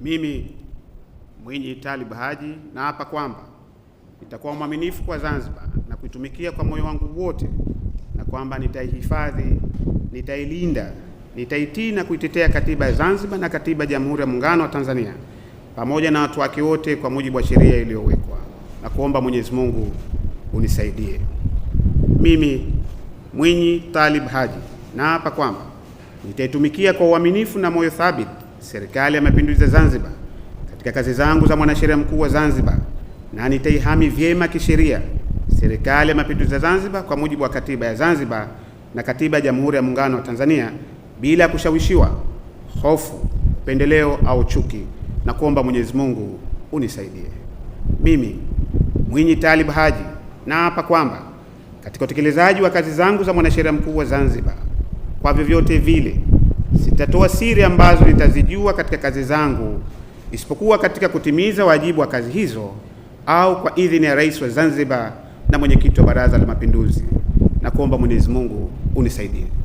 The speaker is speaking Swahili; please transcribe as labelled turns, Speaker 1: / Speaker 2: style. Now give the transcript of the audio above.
Speaker 1: Mimi Mwinyi Talib Haji naapa kwamba nitakuwa mwaminifu kwa Zanzibar na kuitumikia kwa moyo wangu wote, na kwamba nitaihifadhi, nitailinda, nitaitii na kuitetea katiba ya Zanzibar na katiba ya Jamhuri ya Muungano wa Tanzania pamoja na watu wake wote kwa mujibu wa sheria iliyowekwa, na kuomba Mwenyezi Mungu unisaidie. Mimi Mwinyi Talib Haji naapa kwamba nitaitumikia kwa uaminifu na moyo thabiti Serikali ya Mapinduzi ya Zanzibar katika kazi zangu za mwanasheria mkuu wa Zanzibar, na nitaihami vyema kisheria Serikali ya Mapinduzi ya Zanzibar kwa mujibu wa katiba ya Zanzibar na katiba ya Jamhuri ya Muungano wa Tanzania bila ya kushawishiwa, hofu, upendeleo au chuki, na kuomba Mwenyezi Mungu unisaidie. Mimi Mwinyi Talib Haji naapa kwamba katika utekelezaji wa kazi zangu za mwanasheria mkuu wa Zanzibar, kwa vyovyote vile sitatoa siri ambazo nitazijua katika kazi zangu, isipokuwa katika kutimiza wajibu wa kazi hizo au kwa idhini ya Rais wa Zanzibar na mwenyekiti wa Baraza la Mapinduzi, na kuomba Mwenyezi Mungu unisaidie.